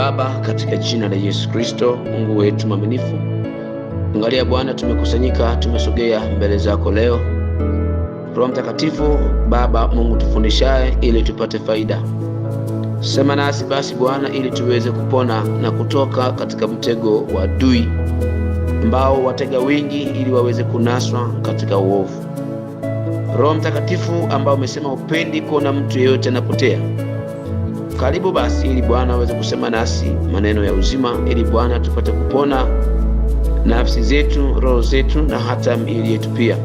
Baba, katika jina la Yesu Kristo, Mungu wetu mwaminifu, angalia Bwana, tumekusanyika tumesogea mbele zako leo. Roho Mtakatifu, Baba Mungu tufundishaye, ili tupate faida. Sema nasi basi Bwana, ili tuweze kupona na kutoka katika mtego wa adui ambao watega wengi, ili waweze kunaswa katika uovu. Roho Mtakatifu, ambao umesema upendi kuona mtu yeyote anapotea karibu basi ili Bwana aweze kusema nasi maneno ya uzima, ili Bwana tupate kupona nafsi zetu, roho zetu na hata miili yetu pia.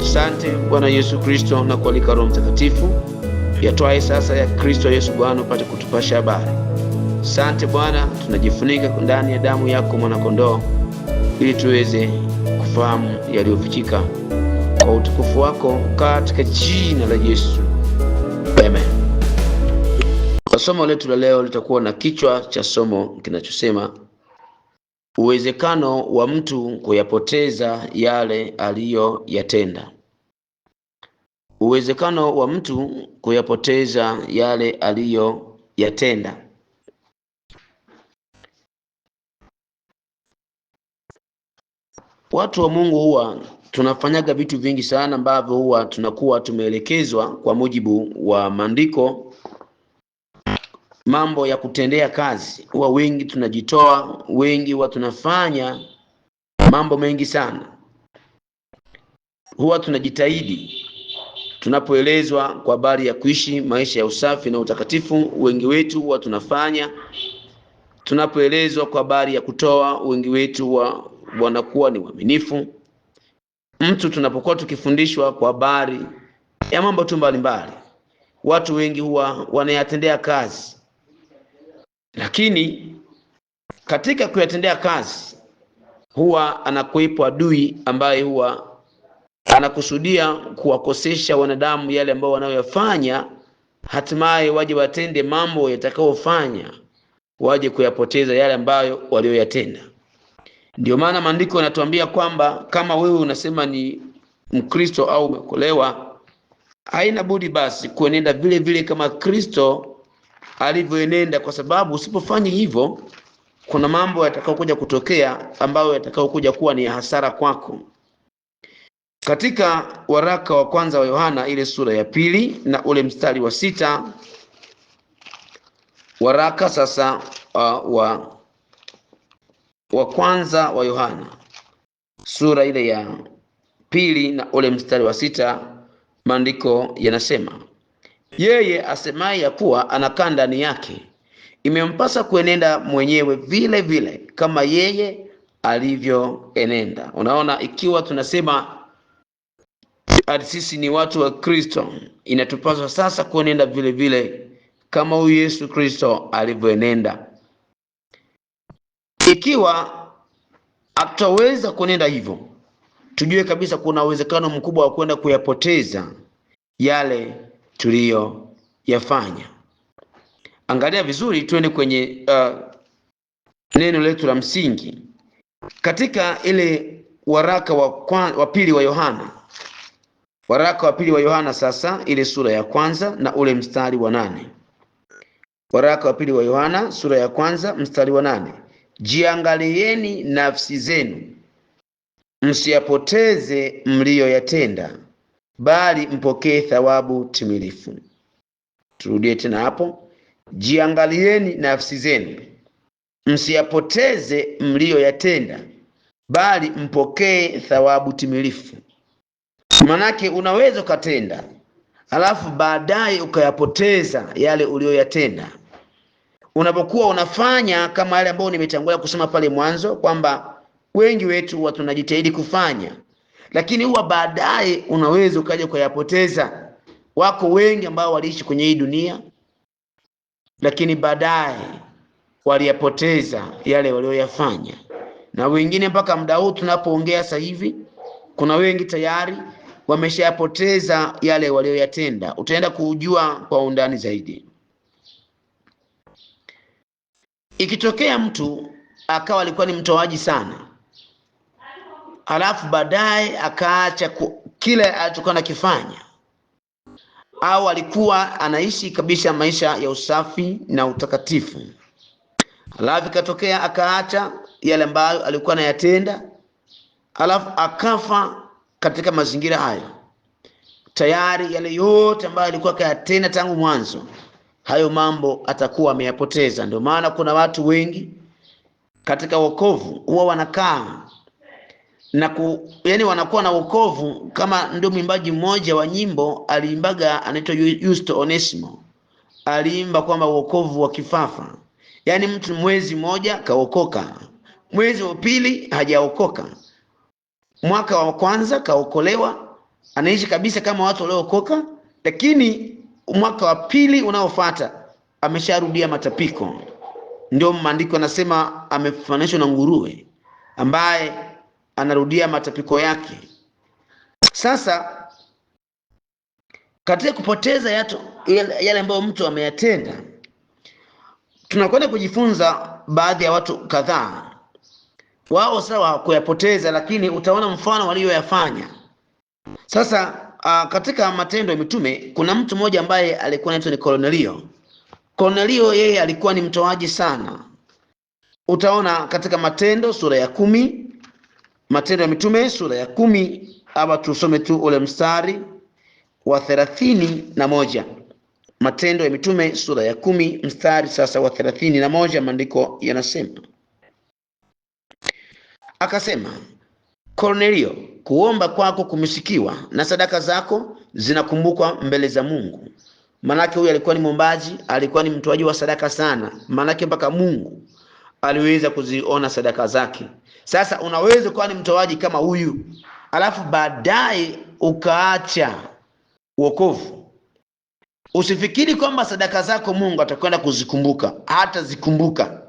Asante Bwana Yesu Kristo, na kualika Roho Mtakatifu yatwaye sasa ya Kristo Yesu Bwana upate kutupasha habari. Asante Bwana, tunajifunika ndani ya damu yako mwanakondoo, ili tuweze kufahamu yaliyofichika kwa utukufu wako, katika jina la Yesu. Kwa somo letu la leo litakuwa na kichwa cha somo kinachosema uwezekano wa mtu kuyapoteza yale aliyoyatenda. Uwezekano wa mtu kuyapoteza yale aliyoyatenda. Watu wa Mungu huwa tunafanyaga vitu vingi sana ambavyo huwa tunakuwa tumeelekezwa kwa mujibu wa maandiko mambo ya kutendea kazi, huwa wengi tunajitoa, wengi huwa tunafanya mambo mengi sana, huwa tunajitahidi. Tunapoelezwa kwa habari ya kuishi maisha ya usafi na utakatifu, wengi wetu huwa tunafanya. Tunapoelezwa kwa habari ya kutoa, wengi wetu huwa wanakuwa ni waaminifu. Mtu tunapokuwa tukifundishwa kwa habari ya mambo tu mbalimbali, watu wengi huwa wanayatendea kazi lakini katika kuyatendea kazi huwa anakuwepo adui ambaye huwa anakusudia kuwakosesha wanadamu yale ambayo wanayoyafanya, hatimaye waje watende mambo yatakayofanya waje kuyapoteza yale ambayo walioyatenda. Ndio maana maandiko yanatuambia kwamba kama wewe unasema ni Mkristo au umekolewa haina budi basi kuenenda vile vile kama Kristo alivyoenenda, kwa sababu usipofanya hivyo kuna mambo yatakayokuja kutokea ambayo yatakayokuja kuwa ni hasara kwako. Katika waraka wa kwanza wa Yohana ile sura ya pili na ule mstari wa sita waraka sasa uh, wa wa kwanza wa Yohana sura ile ya pili na ule mstari wa sita maandiko yanasema yeye asemaye ya kuwa anakaa ndani yake, imempasa kuenenda mwenyewe vile vile kama yeye alivyoenenda. Unaona, ikiwa tunasema hadi sisi ni watu wa Kristo, inatupaswa sasa kuenenda vile vile kama huyu Yesu Kristo alivyoenenda. Ikiwa hatutaweza kuenenda hivyo, tujue kabisa kuna uwezekano mkubwa wa kwenda kuyapoteza yale tuliyoyafanya. Angalia vizuri, tuende kwenye uh, neno letu la msingi katika ile waraka wa, kwa, wa pili wa Yohana waraka wa pili wa Yohana sasa, ile sura ya kwanza na ule mstari wa nane. Waraka wa pili wa Yohana sura ya kwanza mstari wa nane: jiangalieni nafsi zenu msiyapoteze mliyoyatenda, bali mpokee thawabu timilifu. Turudie tena hapo, jiangalieni nafsi zenu, msiyapoteze mliyoyatenda, bali mpokee thawabu timilifu. Manake unaweza ukatenda alafu baadaye ukayapoteza yale uliyoyatenda. Unapokuwa unafanya kama yale ambayo nimetangulia kusema pale mwanzo, kwamba wengi wetu tunajitahidi kufanya lakini huwa baadaye unaweza ukaja ukayapoteza. Wako wengi ambao waliishi kwenye hii dunia, lakini baadaye waliyapoteza yale walioyafanya, na wengine mpaka muda huu tunapoongea sasa hivi, kuna wengi tayari wameshayapoteza yale walioyatenda. Utaenda kujua kwa undani zaidi. Ikitokea mtu akawa alikuwa ni mtoaji sana halafu baadaye akaacha kile alichokuwa anakifanya, au alikuwa anaishi kabisa maisha ya usafi na utakatifu, halafu ikatokea akaacha yale ambayo alikuwa anayatenda, halafu akafa katika mazingira hayo. Tayari yale yote ambayo alikuwa akayatenda tangu mwanzo, hayo mambo atakuwa ameyapoteza. Ndio maana kuna watu wengi katika wokovu huwa wanakaa na ku, yani wanakuwa na wokovu kama ndio mwimbaji mmoja wa nyimbo aliimbaga, anaitwa Justo Onesimo, aliimba kwamba wokovu wa kifafa, yani mtu mwezi mmoja kaokoka, mwezi wa pili hajaokoka, mwaka wa kwanza kaokolewa, anaishi kabisa kama watu waliookoka, lakini mwaka wa pili unaofuata amesharudia matapiko. Ndio maandiko anasema amefananishwa na nguruwe ambaye anarudia matapiko yake. Sasa katika kupoteza yato, yale ambayo mtu ameyatenda, tunakwenda kujifunza baadhi ya watu kadhaa. Wao sawa kuyapoteza, lakini utaona mfano walioyafanya. Sasa a, ah, katika Matendo ya Mitume kuna mtu mmoja ambaye alikuwa anaitwa ni Kornelio. Kornelio yeye alikuwa ni mtoaji sana. Utaona katika Matendo sura ya kumi Matendo ya Mitume sura ya kumi, hapa tusome tu ule mstari wa thelathini na moja. Matendo ya Mitume sura ya kumi mstari sasa wa thelathini na moja, maandiko yanasema akasema, Kornelio, kuomba kwako kumesikiwa na sadaka zako zinakumbukwa mbele za Mungu. Maanake huyu alikuwa ni mwombaji, alikuwa ni mtoaji wa sadaka sana, maanake mpaka Mungu aliweza kuziona sadaka zake. Sasa unaweza kuwa ni mtoaji kama huyu, alafu baadaye ukaacha wokovu. Usifikiri kwamba sadaka zako Mungu atakwenda kuzikumbuka, hata zikumbuka.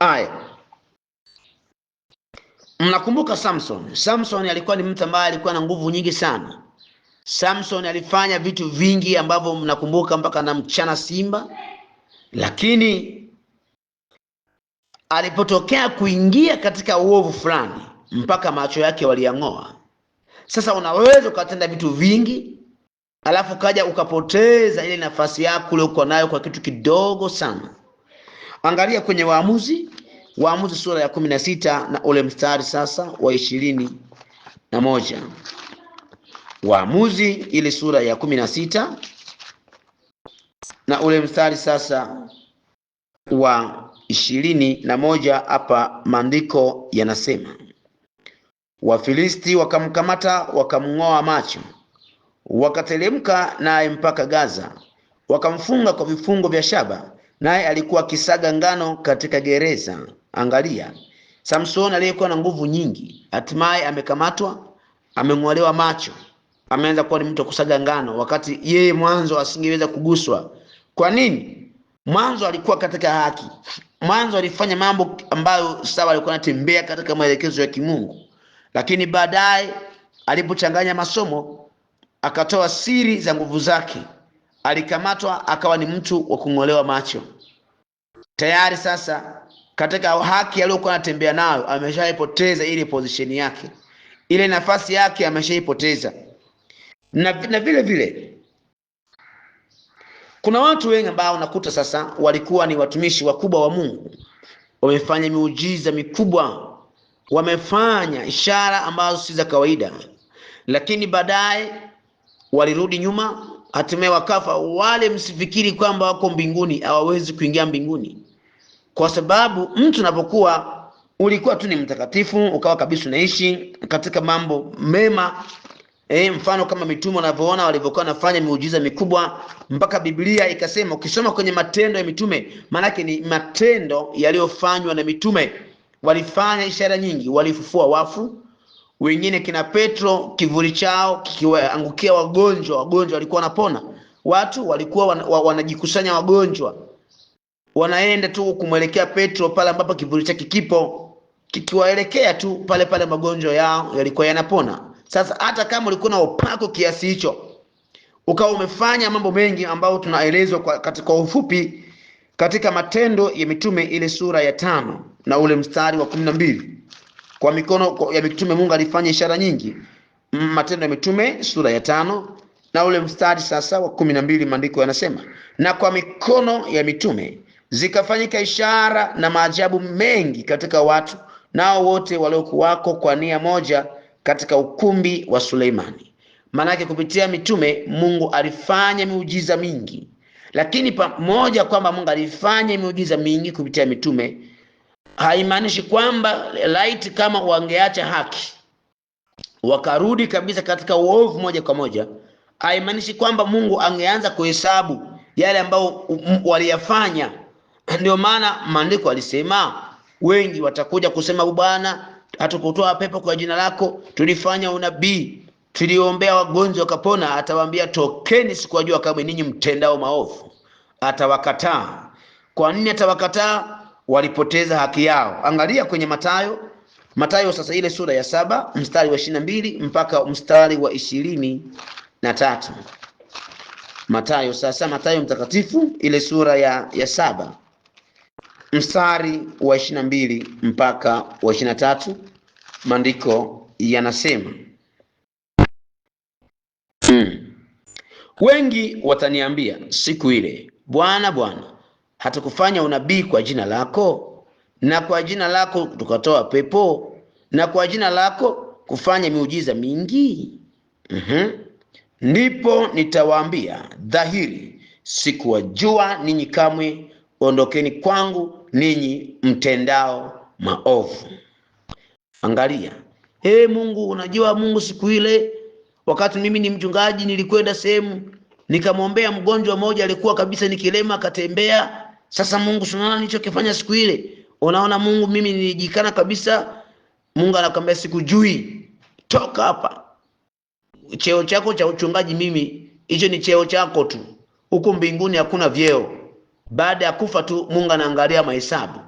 Aya, mnakumbuka Samson. Samson alikuwa ni mtu ambaye alikuwa na nguvu nyingi sana. Samson alifanya vitu vingi ambavyo mnakumbuka, mpaka na mchana simba, lakini alipotokea kuingia katika uovu fulani mpaka macho yake waliyang'oa. Sasa unaweza ukatenda vitu vingi, alafu kaja ukapoteza ile nafasi yako uliokuwa nayo kwa kitu kidogo sana. Angalia kwenye Waamuzi, Waamuzi sura ya kumi na sita na ule mstari sasa wa ishirini na moja. Waamuzi ile sura ya kumi na sita na ule mstari sasa wa ishirini na moja hapa maandiko yanasema, Wafilisti wakamkamata wakamng'oa macho, wakatelemka naye mpaka Gaza, wakamfunga kwa vifungo vya shaba, naye alikuwa akisaga ngano katika gereza. Angalia, Samsoni aliyekuwa na nguvu nyingi, hatimaye amekamatwa, ameng'olewa macho, ameanza kuwa ni mtu wa kusaga ngano, wakati yeye mwanzo asingeweza kuguswa. Kwa nini? Mwanzo alikuwa katika haki, mwanzo alifanya mambo ambayo sawa, alikuwa anatembea katika maelekezo ya kimungu, lakini baadaye alipochanganya masomo akatoa siri za nguvu zake, alikamatwa akawa ni mtu wa kung'olewa macho. Tayari sasa katika haki aliyokuwa anatembea nayo ameshaipoteza ile pozisheni yake, ile nafasi yake ameshaipoteza, na, na vile vile kuna watu wengi ambao unakuta sasa walikuwa ni watumishi wakubwa wa Mungu, wamefanya miujiza mikubwa, wamefanya ishara ambazo si za kawaida, lakini baadaye walirudi nyuma, hatimaye wakafa. Wale msifikiri kwamba wako mbinguni, hawawezi kuingia mbinguni, kwa sababu mtu unapokuwa ulikuwa tu ni mtakatifu, ukawa kabisa unaishi katika mambo mema E, mfano kama mitume wanavyoona walivyokuwa wanafanya miujiza mikubwa mpaka Biblia ikasema, ukisoma kwenye matendo ya mitume, maanake ni matendo yaliyofanywa na mitume. Walifanya ishara nyingi, walifufua wafu wengine, kina Petro kivuli chao kikiwaangukia wagonjwa, wagonjwa walikuwa wanapona. Watu walikuwa wan, wanajikusanya wagonjwa, wanaenda tu kumwelekea Petro pale ambapo kivuli chake kipo, kikiwaelekea tu pale pale magonjwa yao yalikuwa yanapona. Sasa hata kama ulikuwa na upako kiasi hicho, ukawa umefanya mambo mengi ambayo tunaelezwa kwa, katika ufupi katika Matendo ya Mitume ile sura ya tano na ule mstari wa kumi na mbili kwa mikono ya mitume Mungu alifanya ishara nyingi. Matendo ya Mitume sura ya tano na ule mstari sasa wa kumi na mbili maandiko yanasema, na kwa mikono ya mitume zikafanyika ishara na maajabu mengi katika watu, nao wote waliokuwako kwa nia moja katika ukumbi wa Suleimani. Maanake kupitia mitume Mungu alifanya miujiza mingi, lakini pamoja kwamba Mungu alifanya miujiza mingi kupitia mitume haimaanishi kwamba laiti kama wangeacha haki wakarudi kabisa katika uovu moja kwa moja, haimaanishi kwamba Mungu angeanza kuhesabu yale ambayo waliyafanya. Ndio maana maandiko alisema wengi watakuja kusema Bwana hatukutoa pepo kwa jina lako, tulifanya unabii, tuliombea wagonjwa wakapona. Atawaambia tokeni, sikuwajua kamwe ninyi mtendao maovu. Atawakataa. Kwa nini atawakataa? Walipoteza haki yao. Angalia kwenye matayo matayo sasa ile sura ya saba mstari wa ishirini na mbili mpaka mstari wa ishirini na tatu matayo sasa, matayo mtakatifu ile sura ya, ya saba mstari wa ishirini na mbili mpaka wa ishirini na tatu maandiko yanasema mm. Wengi wataniambia siku ile, Bwana Bwana, hatukufanya unabii kwa jina lako, na kwa jina lako tukatoa pepo, na kwa jina lako kufanya miujiza mingi? mm -hmm. Ndipo nitawaambia dhahiri, sikuwajua ninyi kamwe, ondokeni kwangu ninyi mtendao maovu. Angalia, ee Mungu, unajua Mungu, siku ile wakati mimi ni mchungaji, nilikwenda sehemu nikamwombea mgonjwa mmoja alikuwa kabisa ni kilema, akatembea. Sasa Mungu, sunaona nilichokifanya siku ile. Unaona Mungu, mimi nilijikana kabisa. Mungu anakwambia sikujui, toka hapa, cheo chako cha uchungaji mimi, hicho ni cheo chako tu, huku mbinguni hakuna vyeo. Baada ya kufa tu Mungu anaangalia mahesabu.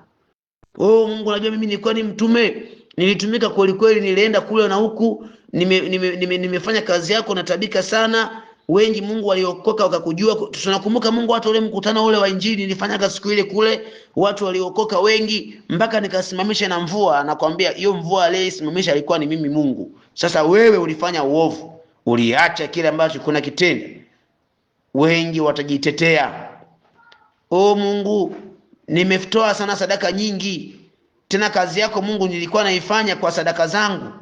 Oh, Mungu najua mimi nilikuwa ni mtume, nilitumika kweli kweli, nilienda kule na huku, nime, nime, nime, nimefanya kazi yako natabika sana. Wengi Mungu waliokoka wakakujua. Tunakumbuka Mungu, hata ule mkutano ule wa Injili nilifanyaga siku ile kule, watu waliokoka wengi, mpaka nikasimamisha na mvua. Nakwambia hiyo mvua aliyesimamisha alikuwa ni mimi Mungu. Sasa wewe ulifanya uovu, uliacha kile ambacho kuna kitendo, wengi watajitetea O Mungu, nimetoa sana sadaka nyingi, tena kazi yako Mungu nilikuwa naifanya kwa sadaka zangu,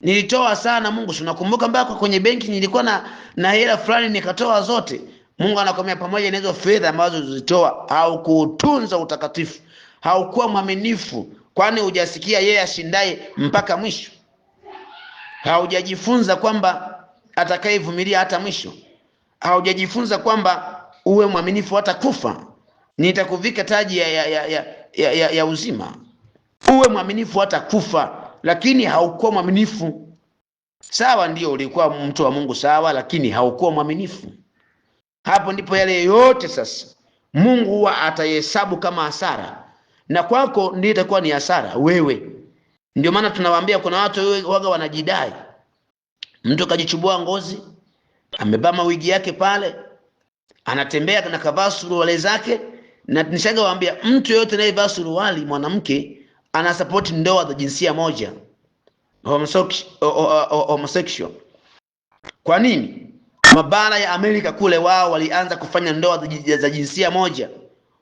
nilitoa sana Mungu. Tunakumbuka mpaka kwenye benki nilikuwa na, na hela fulani nikatoa zote. Mungu anakwambia pamoja na hizo fedha ambazo zilitoa, haukuutunza utakatifu, haukuwa mwaminifu, kwani hujasikia yeye ashindaye mpaka mwisho, haujajifunza kwamba atakayevumilia hata mwisho, haujajifunza kwamba uwe mwaminifu hata kufa nitakuvika taji ya, ya, ya, ya, ya, ya uzima. Uwe mwaminifu hata kufa, lakini haukuwa mwaminifu. Sawa, ndiyo ulikuwa mtu wa Mungu, sawa, lakini haukuwa mwaminifu. Hapo ndipo yale yote sasa Mungu huwa atahesabu kama hasara, na kwako ndio itakuwa ni hasara wewe. Ndio maana tunawaambia kuna watu waga wanajidai, mtu kajichubua ngozi, amebama wigi yake pale, anatembea na kavaa suruale zake na waambia mtu yoyote anayevaa suruali mwanamke ana support ndoa za jinsia moja homosexual. Kwa nini? Mabara ya Amerika kule wao walianza kufanya ndoa za jinsia moja,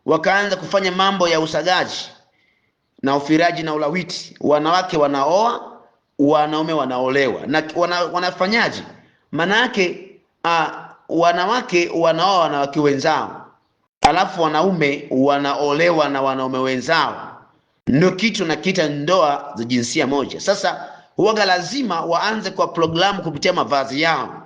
wakaanza kufanya mambo ya usagaji na ufiraji na ulawiti. Wanawake wanaoa, wanaume wanaolewa na wana, wanafanyaje? Maanake uh, ah, wanawake wanaoa wanawake wenzao alafu wanaume wanaolewa na wanaume wenzao, ndio kitu nakiita ndoa za jinsia moja. Sasa huwaga lazima waanze kwa programu kupitia mavazi yao,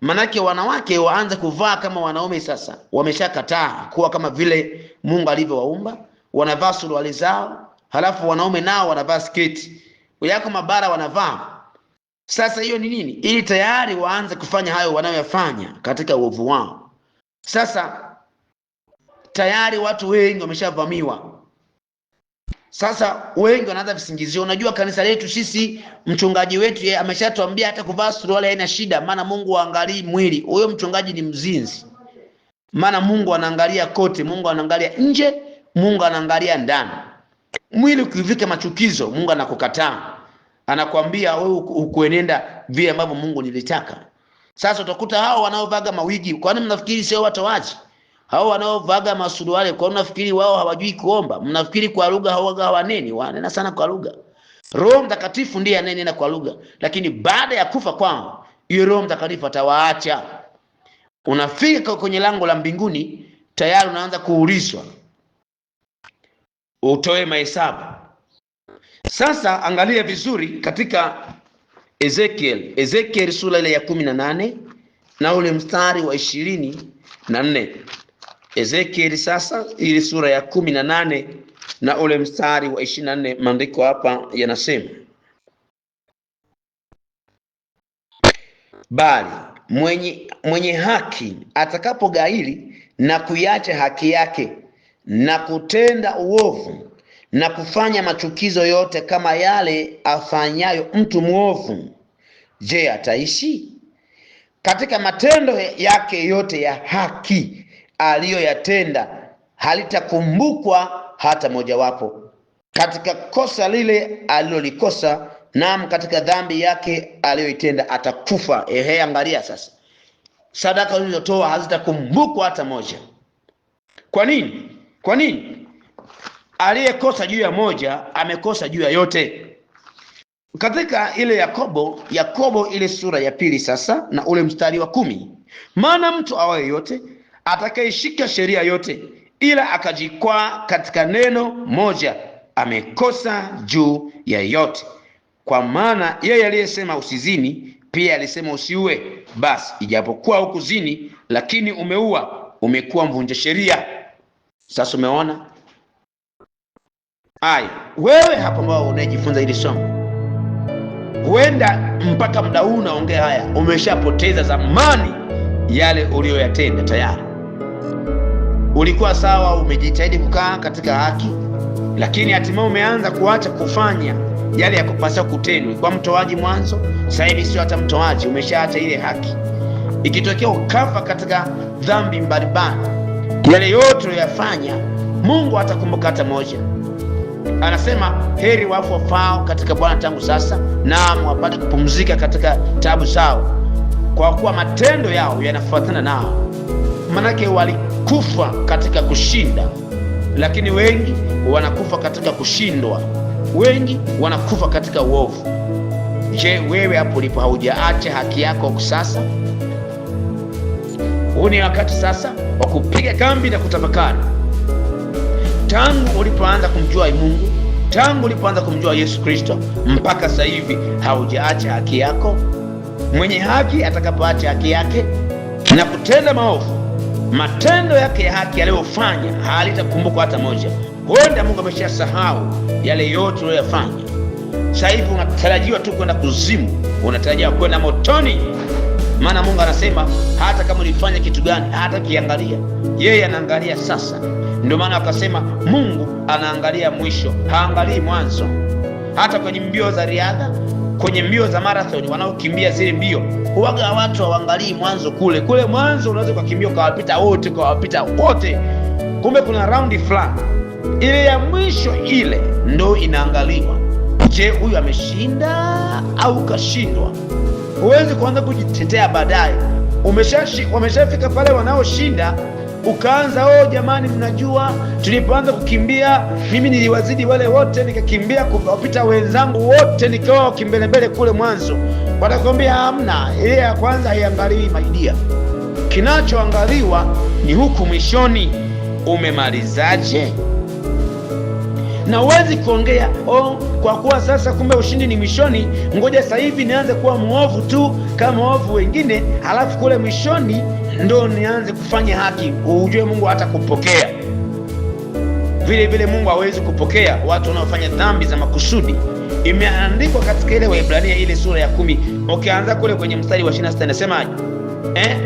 manake wanawake waanze kuvaa kama wanaume. Sasa wameshakataa kuwa kama vile Mungu alivyowaumba, wanavaa suruali zao, halafu wanaume nao wanavaa sketi, yako mabara wanavaa. Sasa hiyo ni nini? Ili tayari waanze kufanya hayo wanayoyafanya katika uovu wao. Sasa tayari watu wengi wameshavamiwa. Sasa wengi wanaanza visingizio, unajua kanisa letu sisi, mchungaji wetu yeye ameshatuambia hata kuvaa suruali haina shida, maana Mungu haangalii mwili. Huyo mchungaji ni mzinzi, maana Mungu anaangalia kote. Mungu anaangalia nje, Mungu anaangalia ndani. Mwili ukivika machukizo, Mungu anakukataa, anakwambia wewe ukuenenda vile ambavyo Mungu nilitaka. Sasa utakuta hao wanaovaga mawigi, kwani mnafikiri sio watoaji? hao wanaovaga masuruali, kwa unafikiri wao hawajui kuomba? Mnafikiri kwa lugha hawaga hawaneni? Wanena sana kwa lugha. Roho Mtakatifu ndiye anayenena kwa lugha, lakini baada ya kufa kwao hiyo Roho Mtakatifu atawaacha. Unafika kwenye lango la mbinguni tayari unaanza kuulizwa utoe mahesabu. Sasa angalia vizuri katika Ezekiel, Ezekiel sura ile ya kumi na nane na ule mstari wa ishirini na nne. Ezekieli sasa ili sura ya kumi na nane na ule mstari wa ishirini na nne maandiko hapa yanasema, bali mwenye, mwenye haki atakapogaili na kuiacha haki yake na kutenda uovu na kufanya machukizo yote kama yale afanyayo mtu mwovu, je, ataishi? Katika matendo yake yote ya haki aliyoyatenda halitakumbukwa hata mojawapo katika kosa lile alilolikosa, nam katika dhambi yake aliyoitenda atakufa. Ehe, angalia sasa, sadaka ulizotoa hazitakumbukwa hata moja. Kwa nini? Kwa nini? Aliyekosa juu ya moja amekosa juu ya yote. Katika ile Yakobo, Yakobo ile sura ya pili sasa na ule mstari wa kumi, maana mtu awaye yote atakayeshika sheria yote ila akajikwaa katika neno moja, amekosa juu ya yote. Kwa maana yeye aliyesema usizini pia alisema usiue. Basi ijapokuwa hukuzini, lakini umeua, umekuwa mvunja sheria. Sasa umeona ay wewe hapo ambao unayejifunza hili somo huenda mpaka muda huu unaongea haya, umeshapoteza zamani yale uliyoyatenda tayari. Ulikuwa sawa, umejitahidi kukaa katika haki, lakini hatimaye umeanza kuacha kufanya yale ya kupasa kutendwa. Kwa mtoaji mwanzo, sasa hivi sio hata mtoaji, umeshaacha ile haki. Ikitokea ukafa katika dhambi mbalimbali, yale yote uliyofanya Mungu atakumbuka hata moja. Anasema heri wafu wafao katika Bwana tangu sasa, naam wapate kupumzika katika tabu zao, kwa kuwa matendo yao yanafuatana nao. Manake walikufa katika kushinda, lakini wengi wanakufa katika kushindwa, wengi wanakufa katika uovu. Je, wewe hapo ulipo haujaacha haki yako sasa? Huu ni wakati sasa wa kupiga kambi na kutafakari. Tangu ulipoanza kumjua Mungu, tangu ulipoanza kumjua Yesu Kristo mpaka sasa hivi, haujaacha haki yako. Mwenye haki atakapoacha haki yake na kutenda maovu matendo yake ya haki aliyofanya halitakumbukwa hata moja. Huenda Mungu ameshasahau yale yote uliyoyafanya. Sasa hivi unatarajiwa tu kwenda kuzimu, unatarajiwa kwenda motoni, maana Mungu anasema hata kama ulifanya kitu gani hata kiangalia yeye, anaangalia sasa. Ndio maana akasema Mungu anaangalia mwisho, haangalii mwanzo. Hata kwenye mbio za riadha, kwenye mbio za marathoni, wanaokimbia zile mbio huwaga watu hawaangalii mwanzo kule kule. Mwanzo unaweza ukakimbia ukawapita wote ukawapita wote, kumbe kuna raundi fulani ile ya mwisho, ile ndo inaangaliwa. Je, huyu ameshinda au kashindwa? Huwezi kuanza kujitetea baadaye, wameshafika pale wanaoshinda ukaanza oh, jamani, mnajua tulipoanza kukimbia, mimi niliwazidi wale wote, nikakimbia kupita wenzangu wote, nikawa wakimbelembele kule mwanzo. Watakwambia hamna, ile ya kwanza haiangaliwi maidia. Kinachoangaliwa ni huku mwishoni, umemalizaje? na uwezi kuongea oh, kwa kuwa sasa kumbe ushindi ni mwishoni, ngoja sasa hivi nianze kuwa mwovu tu kama waovu wengine, halafu kule mwishoni ndo nianze kufanya haki, ujue Mungu hata kupokea vile vile. Mungu hawezi kupokea watu wanaofanya dhambi za makusudi. Imeandikwa katika ile Waebrania ile sura ya kumi ukianza kule kwenye mstari wa 26 inasemaje? Eh,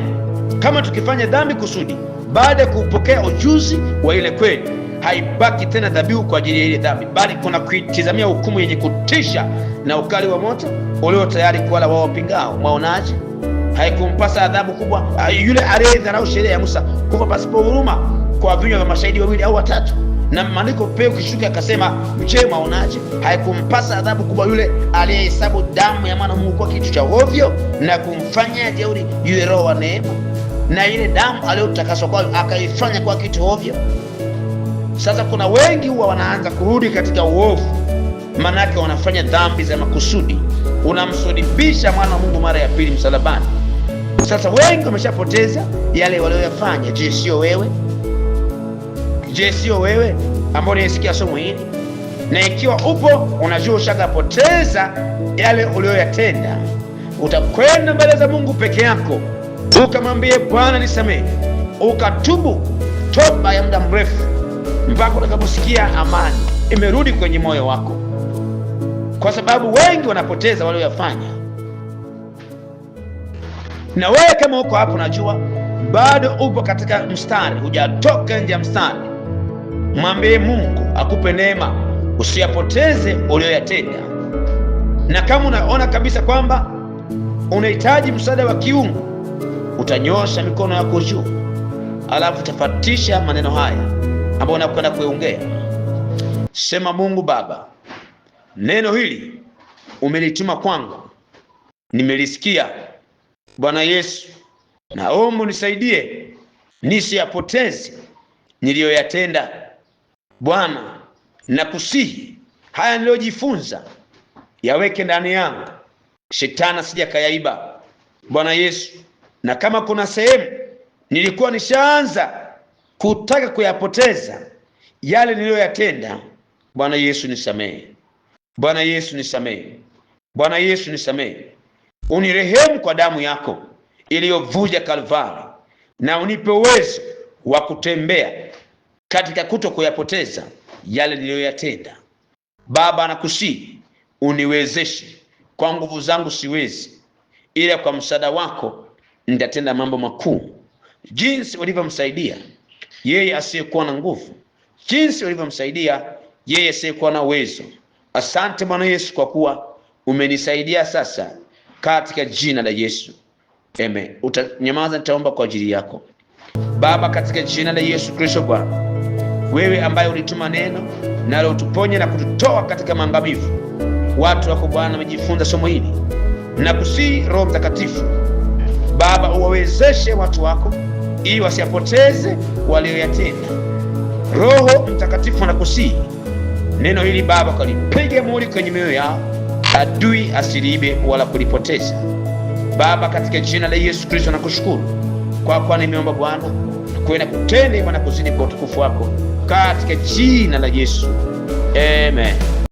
kama tukifanya dhambi kusudi baada ya kupokea ujuzi wa ile kweli, haibaki tena dhabihu kwa ajili ya ile dhambi, bali kuna kuitizamia hukumu yenye kutisha na ukali wa moto ulio tayari kuwala wao wapingao. Mwaonaje? haikumpasa adhabu kubwa ah, yule aliyedharau sheria ya Musa kufa pasipo huruma kwa vinywa vya mashahidi wawili au watatu. Na maandiko pia ukishuka akasema, mche maonaje? Haikumpasa adhabu kubwa yule aliyehesabu damu ya mwana Mungu kwa kitu cha ovyo na kumfanya jeuri yule Roho wa neema, na ile damu aliyotakaswa kwayo akaifanya kwa kitu ovyo. Sasa kuna wengi huwa wanaanza kurudi katika uovu, maanake wanafanya dhambi za makusudi. unamsudibisha mwana wa Mungu mara ya pili msalabani. Sasa wengi wameshapoteza yale walioyafanya. Je, sio wewe? Je, sio wewe ambao nisikia somo hili? Na ikiwa upo unajua ushakapoteza yale ulioyatenda, utakwenda mbele za Mungu peke yako ukamwambie Bwana nisamehe, ukatubu toba ya muda mrefu mpaka utakaposikia amani imerudi kwenye moyo wako, kwa sababu wengi wanapoteza walioyafanya. Na wewe kama uko hapo, najua bado upo katika mstari, hujatoka nje ya mstari, mwambie Mungu akupe neema usiyapoteze ulioyatenda. Na kama unaona kabisa kwamba unahitaji msaada wa kiungu, utanyosha mikono yako juu, alafu utafatisha maneno haya ambayo unakwenda kuongea. Sema, Mungu Baba, neno hili umelituma kwangu, nimelisikia Bwana Yesu, naomba unisaidie nisiyapoteze niliyoyatenda. Bwana, nakusihi haya niliyojifunza yaweke ndani yangu, shetani sija kayaiba Bwana Yesu, na kama kuna sehemu nilikuwa nishaanza kutaka kuyapoteza yale niliyoyatenda, Bwana Yesu nisamehe. Bwana Yesu nisamehe. Bwana Yesu nisamehe unirehemu kwa damu yako iliyovuja Kalvari, na unipe uwezo wa kutembea katika kuto kuyapoteza yale niliyoyatenda. Baba, nakusihi uniwezeshe. Kwa nguvu zangu siwezi, ila kwa msaada wako nitatenda mambo makuu, jinsi ulivyomsaidia yeye asiyekuwa na nguvu, jinsi ulivyomsaidia yeye asiyekuwa na uwezo. Asante Bwana Yesu, kwa kuwa umenisaidia sasa katika jina la Yesu Amen. Utanyamaza, nitaomba kwa ajili yako. Baba, katika jina la Yesu Kristo, Bwana wewe ambaye ulituma neno nalo utuponye na kututoa katika maangamivu, watu wako Bwana wamejifunza somo hili na kusii, Roho Mtakatifu Baba, uwawezeshe watu wako ili wasiyapoteze walioyatenda. Roho Mtakatifu na kusii neno hili Baba, kalipige muri kwenye mioyo yao adui asiliibe wala kulipoteza. Baba, katika jina la Yesu Kristo nakushukuru kwa kuwa nimeomba Bwana kuenda kutende mana kuzidi kwa utukufu wako katika jina la Yesu, amen.